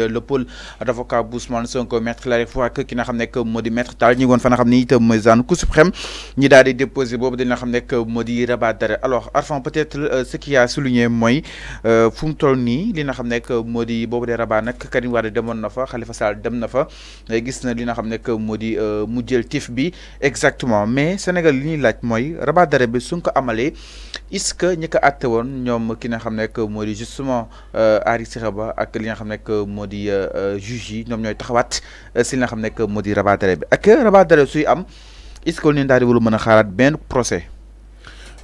Euh, le pôle d'avocat boussman Sonko maître la fois que ki nga xam que moo maître Tall ñi won fa nga xam itam Cour suprême ñi daal di déposé boobu dañ nga xam que modi rabat d'arrêt alors Arfan peut-être euh, ce qui a souligné moy euh, fum toll ni li nga xam nekk moo de rabat nak Karim Wade demoon na fa Khalifa Sall dem na fa gis na li nga xam nekk moo euh, mu jël tif bi exactement mais Sénégal li ñi laaj moy rabat d'arrêt bi sunko amalé est-ce que ñi ko àtte woon ñoom ki nga xam modi justement di justement Ari Siraba ak li nga xam que moo euh, euh, juge yi ñoom ñooy taxawaat euh, si que xam nek modi di rabat d'arrêt bi ak rabat d'arrêt suy am est-ce que daal di war mën procès.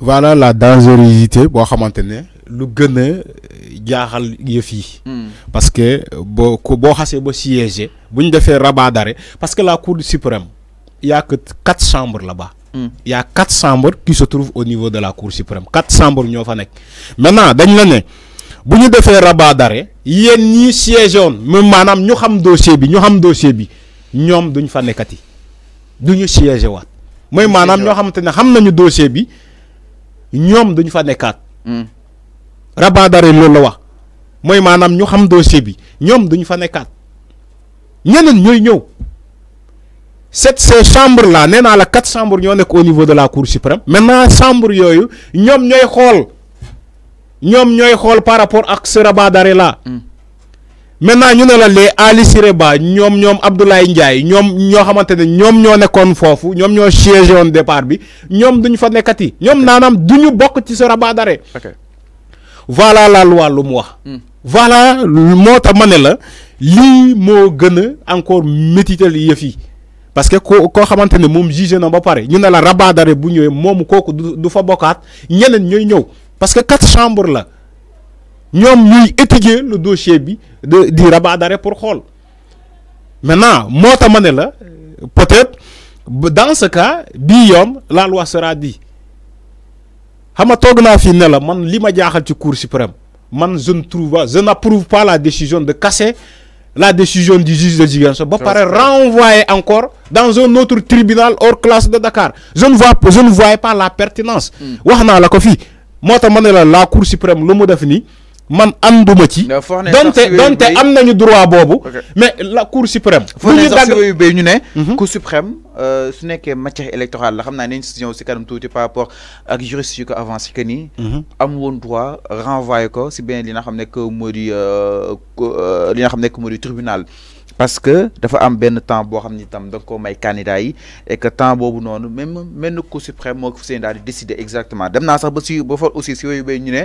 voilà la dangerosité bo xamantene lu gën a jaaxal yëf yi. Hmm. parce que bo ko boo xasee ba siégé bu ñu faire rabat d'arrêt parce que la cour suprême il y a que quatre chambres là-bas. Hmm. y a quatre chambres qui se trouvent au niveau de la cour suprême quatre chambres ñoo fa nekk maintenant dañ la bu ñu defee rabat d'arrêt yéen ñi siégé woon même maanaam ñu xam dossier bi ñu xam dossier bi ñoom duñ fa nekkati du ñu siégé waat maanaam ñoo xamante ne xam nañu dossier bi ñoom duñ fa nekkaat mm. rabat loolu la wax mooy maanaam ñu xam dossier bi ñoom duñ fa nekkaat ñeneen ñooy ñëw cette ces chambres là nee naa la quatre chambres ñoo nekk au niveau de la cour suprême maintenant chambre yooyu ñoom ñooy xool ñom ñoy xol par rapport ak Seraba rabat là mm. maintenant ñu ne la les Ali sireba ñom ñom Abdoulaye Ndiaye ñoom ñoo xamante ne ñoom nyom nyom foofu ñoom ñoo nyom départ bi ñom duñu fa nekkati ñoom naanaam du ñu ci Seraba rabat voilà la loi lu mu wax mm. voilà mota tax ma ne la encore métitel parce que ko xamantene mom jugé na ba pare ñu la rabat d'arrêt bu ñëwee mom koku du fa bokkaat ñeneen ñoy ñëw parce que quatre chambres là, ñoom ñuy étudié le dossier bi de di rabat d'arrêt pour Khol. maintenant moi tax peut-être dans ce cas bi la loi sera dit Hama nga toog ne la man li ci cour suprême man je ne trouve je n'approuve pas la décision de casser la décision du juge de Ziguinchor ba pareil, renvoyer encore dans un autre tribunal hors classe de Dakar je ne vois je ne voyais pas la pertinence hmm. wax na la ko moi tu ma la cour suprême le mu def nii man ànduma ci. donte donte amnañu droit bobu mais la cour suprême. lu ñu dagg ñu né mhm. cour suprême. Euh, su nekkee matière électorale la xam naa nañ si ñëw si kanam tuuti par rapport ak juriste yu ko avancé que ni. Mhm. am woon droit renvoyer ko si beneen li nga xam ne que moo di euh, euh, li nga xam ne que moo di tribunal. parce que dafa am benn temps boo xam ni tam da ko may candidat yi et que temps boobu noonu même mel Cour suprême moo ko fi seen daal di décider exactement dem naa sax ba si ba fa aussi si yooyu bay ñu ne.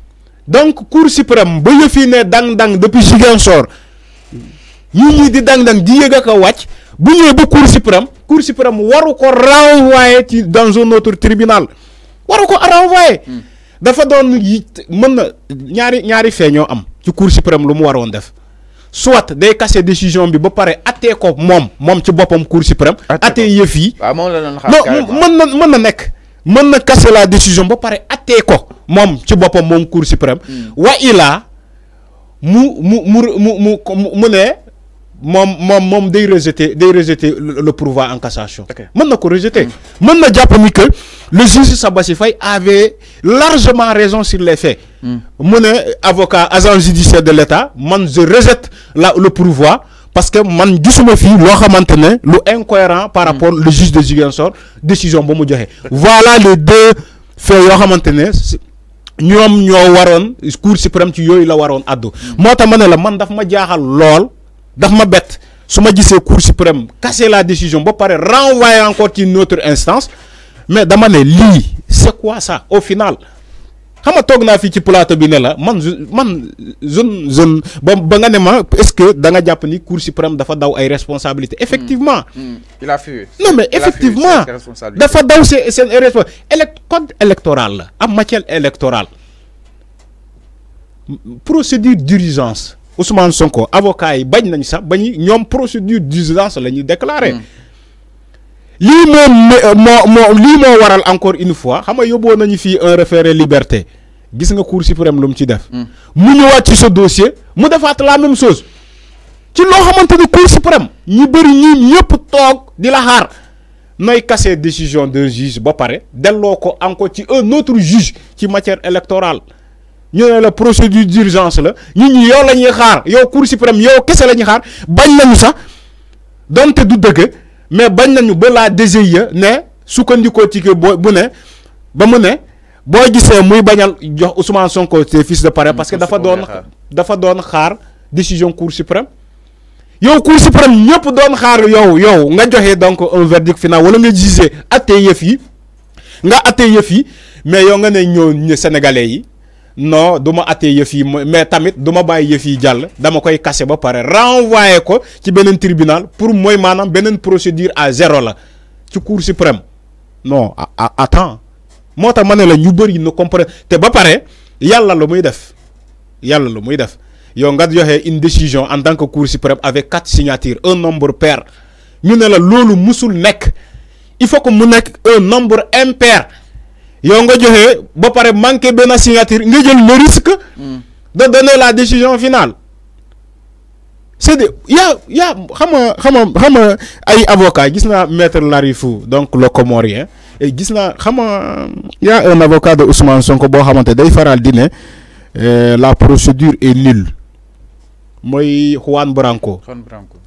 donc cour suprême ba yëf dang-dang depuis Ziguinchor ñi ñi di dang-dang di yëg ko wacc cour suprême cour suprême waru ko dans un autre tribunal waru ko renvoyer hmm. dafa doon mën na ñaari ñaari feño suprême lu mu waroon def soit day casser décision bi ba pare até ko mom mom ci bopam cour suprême attee yëf non mën mën na casser la décision ba pare attee ko moom ci boppam moom cour suprême mm. wa ila mu mu mu mu mu mu ne moom moom moom day rejeter day rejeter le pourvoi en cassation mën na ko rejeter mm. mën na jàpp ni que le juge Sabassi fay avait largement raison sur les faits mm. mu ne avocat agent judiciaire de l'État man je rejette la le pourvoi parce que man gisuma fi lu incohérent par hmm. rapport le juge de Ziguinchor décision voilà les deux faits yo xamantene ñom ñoo le cour suprême ci yoy la waroon addu hmm. moo tax man daf ma jaaxal lool daf ma suprême casser la décision ba pare renvoyer encore ci une autre instance mais dama ne li c'est quoi ça au final je ci plateau bi ne la man man jeune jeune ba est-ce que dans nga japp ni Cour suprême dafa daw ay responsabilité hmm. effectivement. Hmm. il a fui. non mais effectivement dafa daw c'est une responsabilité code électoral la en matière électorale procédure d'urgence Ousmane Sonko avocat yi bañ nañ sa bañ procédure d'urgence lañu déclarer. Hmm li moom euh, mo moo lii moo waral encore une fois xama nga yóbboo nañu un référé liberté gis nga cour suprême lum ci def. Hmm. mu ñëwaat ci ce dossier mu defaat la même chose ci lo xamanteni cour suprême ñi bari ñi ñëpp tok di la xaar noy casser décision d'un juge ba paré delloo ko encore ci un autre juge ci matière électorale ñu ne la procédure d'urgence la ñun ñi yo la xaar yow cour suprême yow kessé la xaar bañ lañu sax donte du dëgg. mais bañ nañu ba la DGIE ne sukkandikoo ci kii boo bu ne ba mu ne boo gisee muy bañal jox Ousmane Sonko ses fils de pare parce que dafa doon dafa doon xaar décision cour suprême yow cour suprême ñëpp doon xaar yow yow nga joxe donc un verdict final wala nga gisee atte yëf yi nga atte yëf yi mais yow nga ne ñoo sénégalais yi non je ne mais tamit je baye bàyyi yi dama koy casser ba renvoyer ko ci benen tribunal pour moy manam une procédure à zéro la ci cour suprême non à attends moo tax que ne la ñu comprendre ba pare yalla lu muy def yalla lu muy def une décision en tant que cour suprême avec quatre signatures un nombre pair ñu ne la lolu musul il faut que mu un nombre impair yow nga ba pare manqué benn signature nga jël le risque. de donner la décision finale. c'est de y a xam nga xam nga xam nga ay avocat gis naa maître Larifou donc le Comorien gis naa il y a un avocat de Ousmane Sonko boo xamante day faral di euh, la procédure est nulle Moi Juan Branco. Juan Branco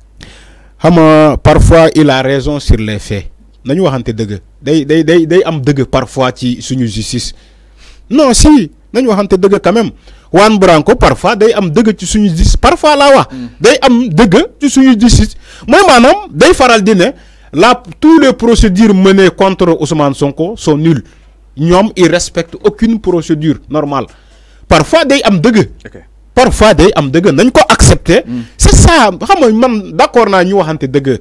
xam parfois il a raison sur les faits nañu waxante dëgg day day day day am deug parfois ci suñu justice non si nañu waxante deug quand même Juan Branco parfois day am deug ci suñu justice parfois la wax mm. day am deug ci suñu justice moy manam day faral di ne la tous les procédures menées contre Ousmane Sonko sont nulles ñom ils respectent aucune procédure normale parfois day am dëgg parfois day am deug nañ ko accepter mm. c'est ça xam nga man d'accord na ñu waxante deug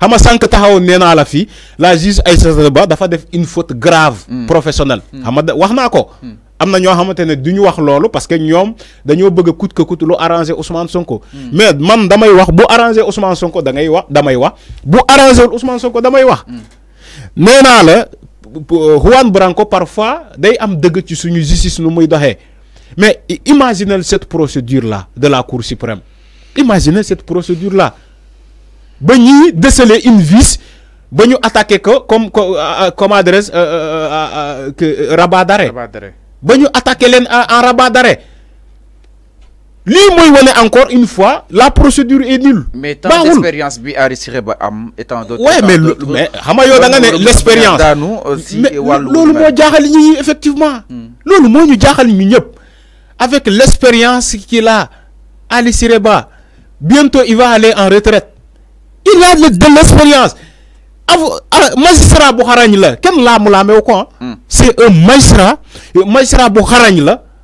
xam nga sànq taxaw nee naa la fii la juge Aïssata Ba dafa def une faute grave hmm. professionnelle hmm. xam nga wax naa ko hmm. am na ñoo xamante ne du ñu wax loolu parce que ñoom dañoo bëgg a coûte que coûte lu arrangé Ousmane Sonko. mais man damay wax bu arrangé Ousmane Sonko da ngay wax damay wax bu arrangé Ousmane Sonko damay wax. nee naa la euh, Juan Branco parfois day am dëgg ci suñu justice nu muy doxee mais imaginez cette procédure là de la Cour suprême imaginez cette procédure là ba ñuy déceler une vis ba ñu attaqué ko comme euh, euh, comme adresse euh, rabat d'arrêt ba ñu attaqué l'EN en rabat d'arrêt lii mooy encore une fois la procédure est nulle. mais tant d'expérience bi Ali ba am étant d'autres. ouais mais mais xama yo da nga l'expérience lolu effectivement. Hmm. lolu mo ñu jaxal avec l'expérience qu'il a Ali Sireba bientôt il va aller en retraite il a de l'expérience. magistrat quel xarañ la kenn mais au coin c'est un magistrat magistrat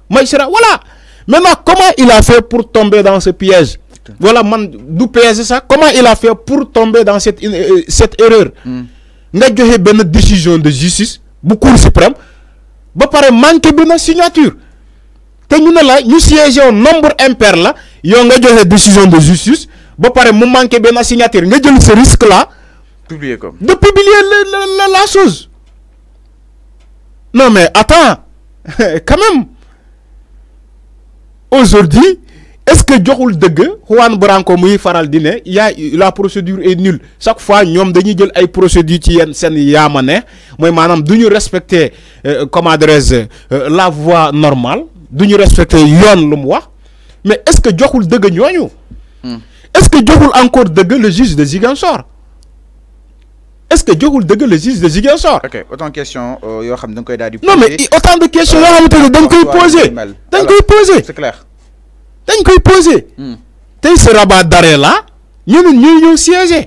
magistrat voilà maintenant comment il a fait pour tomber dans ce piège voilà man d'où piège ça comment il a fait pour tomber dans cette euh, euh, cette erreur hmm. a joxe une décision de justice beaucoup de suprême il a manqué une signature te ñu là nous ñu nombre nombre impair la a nga une décision de justice ba paré mu manqué de signature nga jël ce risque là. de publier la chose. non mais attends quand même aujourd'hui est-ce que joxul deug Juan Branco muy faral la procédure est nulle chaque fois nous avons jël ay procédure ci yenn sen yama né nous manam duñu adresse, respecter euh, euh, la voie normale Nous respecter le lu mais est-ce que joxul dëgg ñooñu. Hmm est-ce que Dieu voulait encore dégueuler le juge de Ziganchor est-ce que Dieu voulait dégueuler le juge de Ziganchor ok euh, autant de questions yoo xam da koy non mais autant de questions il xamante de dañ koy poser dañ koy poser c'est clair. dañ koy poser. Hmm. tey ce rabat d'arrêt là nous, ñooy nous siège.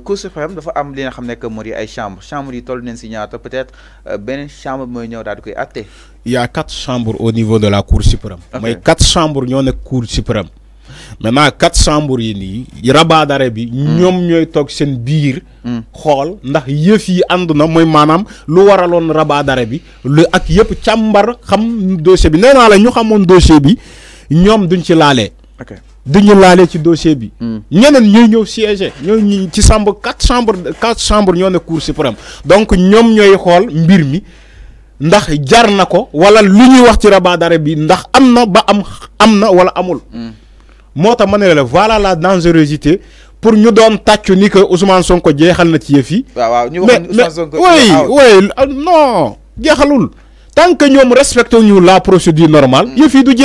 Cour suprême dafa am li nga xam ne que moo di ay chambre chambre yi toll nañ si ñaata peut-être euh, beneen chambre mooy ñëw daal di koy atte il y a quatre chambres au niveau de la Cour suprême. mooy quatre chambres ñoo nekk Cour suprême. maintenant quatre chambres yi nii rabat d'arrêt bi. Hmm. ñoom ñooy toog seen biir. Hmm. xool ndax yëf yi ànd na mooy maanaam lu waraloon rabat bi lu ak yëpp càmbar xam dossier bi nee naa la ñu xamoon dossier bi ñoom duñ ci laalee. allés ci dossier bi. Hmm. ñeneen ñooy ñëw siéger ñooy ci chambre 4 chambre quatre chambre cour suprême donc ils mbir ndax jar wala lu wax ci rabat d'arrêt ndax am ba am am na wala amul. Hmm. moo tax voilà la dangerosité pour nous doon ta ni que Ousmane Sonko jeexal na ci yëf waaw oui non tant que nous respectons la procédure normale. Hmm. du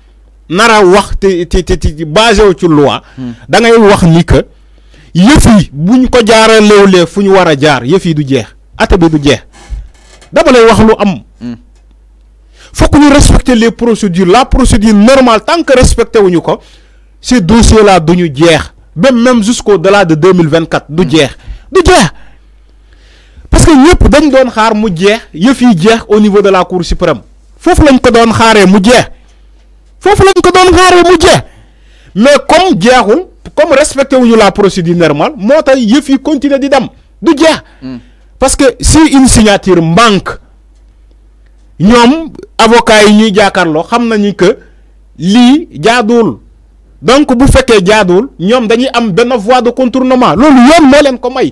nara wax te te te basé wu ci loi. da ngay wax ni que yëf yi bu ko jaaralewulee fu ñu war a jaar yëf yi du jeex ate bi du jeex dama lay wax lu am. Hmm. fokk ñu respecter les procédures la procédure normale tant que respecté wuñu ko ces dossier là duñu jeex ba même jusqu'au delà de 2024 du hmm. jeex du jeex. parce que ñëpp dañ doon xaar mu jeex yëf yi jeex au niveau de la cour suprême foofu lañ ko doon xaaree mu jeex fofu lañ ko doon mais comme jeexul comme la procédure normale continuer di hmm. parce que si une signature manque ñoom avocats yi ñuy que donc bu fekkee ñoom dañuy am benn voie de contournement loolu yoon moo leen ko may.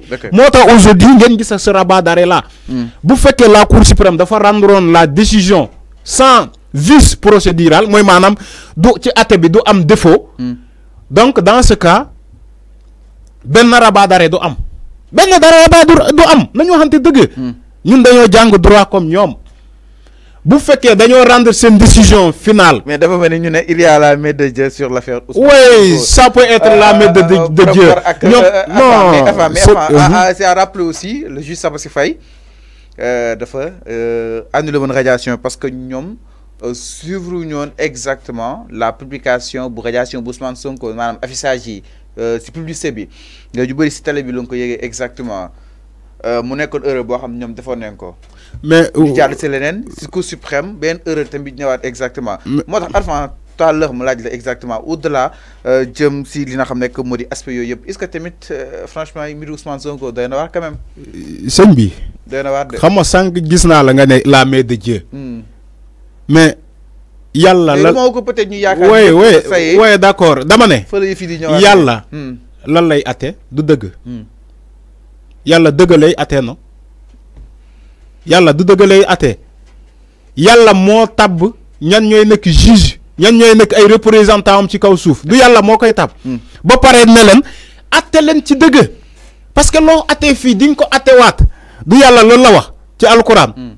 aujourd'hui ngeen rabat là. Hmm. bu la cour suprême dafa rendre la décision sans vice procédural moy manam du ci até bi du am défaut. Hmm. donc dans ce cas ben raba daré du am. ben rabat du am nañu waxante deug hmm. ñun dañoo jang droit comme ñom bu féké dañoo rendre cette décision finale. mais dafa mel ni ñu ne il y a la main de Dieu sur l'affaire oui ça peut être la main de de euh, euh, Dieu. ñom euh, non ah, ah, c'est à rappeler aussi le juge Sabassy euh dafa annuler mon radiation parce que ñom euh, suivre ñu exactement la publication bu radiation bu Ousmane Sonko manam affichage yi si euh, publicité bi nga ju bëri si télé bi lu nga ko yégué exactement euh mu nekkoon erreur bo xam ñom defo nañ ko. mais ci euh, jàll ci leneen ci Cour suprême ben erreur tamit ñëwaat exactement. motax tax tout à l'heure mu laaj la exactement au delà euh jëm ci li nga xam nek modi aspect yooyu yëpp est ce que tamit franchement mbiru Ousmane Sonko doy na war quand même. sëñ bi. doy na war de xam nga sank gis na la nga ne la mère de Dieu. Hmm mais yalla la ouais ko ouais là d'accord dama ne. yalla hmm. lan lay até du deug hmm. yalla dëgg lay atte na du dëgg lay atte yàlla moo que ñan ñoy nek juge ñan ñoy n'est ay représentant ci kaw souf du yalla moque koy à hmm. ba paré leen até leen ci deug parce que lo até fille que ko até wat du yalla lool la wax ci alcorane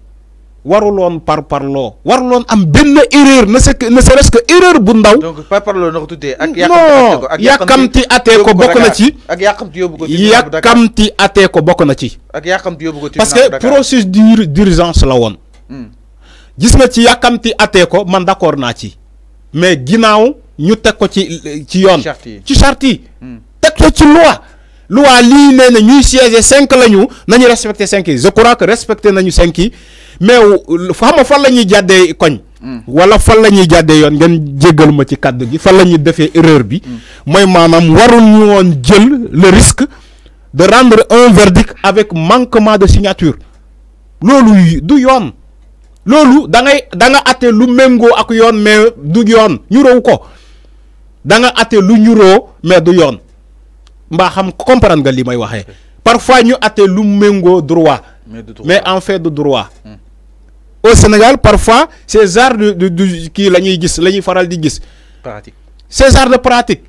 waruloon par parloo waruloon am benn erreur na se ne serait-ce que bu ndaw. donc par parloo na ko tuddee ak yàkkamti atee ko bokk na ci. ak yàkkamti yóbbu ko yàkkamti atee ko bokk na ci. ak yàkkamti yóbbu ko parce que procédure d'urgence la woon. Hmm. gis nga ci yàkkamti atee ko man d'accord naa ci. mais ginnaaw ñu teg ko ci ci yoon. ci sarti hmm. teg ko ci loi. loi lii nee na ñuy siéger cinq la ñu nañu respecter cinq yi je crois que respecter nañu cinq yi. mais xam nga fan la ñuy jàddee koñ. Mm. wala fan la ñuy jàddee yoon ngeen jéggal ma ci kàddu gi fan la ñuy defee erreur bi. Mm. mooy maanaam warul ñu woon jël le risque de rendre un verdict avec manquement de signature loolu du yoon. loolu da ngay da nga até lu méngoo ak yoon mais du yoon ñuróow ko da nga até lu ñuróo mais du yoon mbaa xam comprendre nga li may waxee parfois ñu até lu méngoo droit mais en fait du droit mm au Sénégal parfois ces arts de de de la pratique ces arts de pratique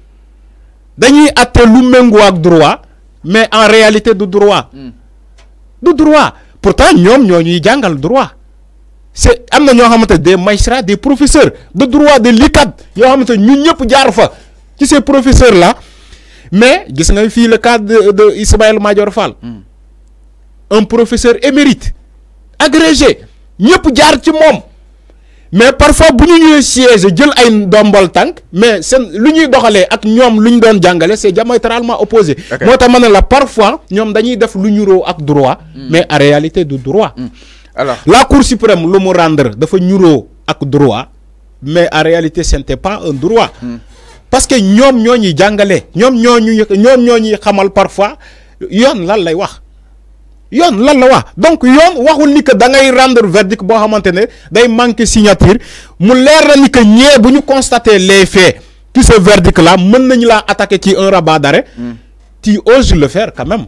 dañuy a lu droit mais en réalité de droit. Hmm. du droit pourtant ñoom ñoo ñuy le droit c'est am des magistrats des professeurs de droit de l'ICAD yoo xamante ñun des jaar fa ci ces professeurs là mais gis nga fii le cas de de Ismaël Madior hmm. un professeur émérite agrégé ñëpp jaar ci moom mais parfois bu ñu jël ay ndombal mais seen lu ñuy ak doon c'est opposé moo tax la parfois ñoom dañuy def lu ñuroo ak droit hmm. mais en réalité de droit hmm. alors la cour suprême lu mu rendre dafa ñuroo ak droit mais en réalité ce pas un droit hmm. parce que ñoom ñoo ñuy jàngale ñoom ñoo des ñoom xamal parfois lan lay wax yon lan la wax donc yon waxul ni que da ngay rendre verdict bo xamantene ne day manquer signature mu leer na ni que ñe buñu constater les faits ki ce verdict là meun nañ la attaquer ci un rabat d'arrêt hmm. tu ose le faire quand même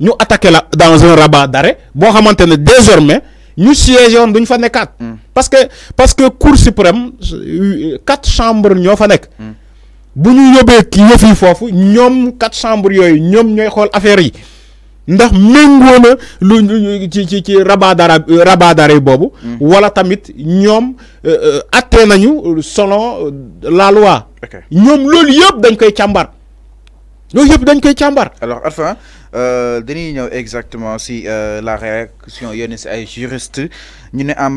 ñu attaquer la dans un rabat d'arrêt bo xamantene ne désormais ñu siège on duñ fa nekkat hmm. parce que parce que cour suprême euh, quatre chambres ñoo fa nek hmm. buñu ñu ki yefi fofu ñom quatre chambres yoy. ñoom ñooy xool affaire yi ndax avons na lu ci ci ci nous mm. wala tamit ñoom euh, euh, nañu selon euh, la loi. ñoom loolu yëpp dañ koy càmbar. dañ alors enfin exactement si la réaction yenn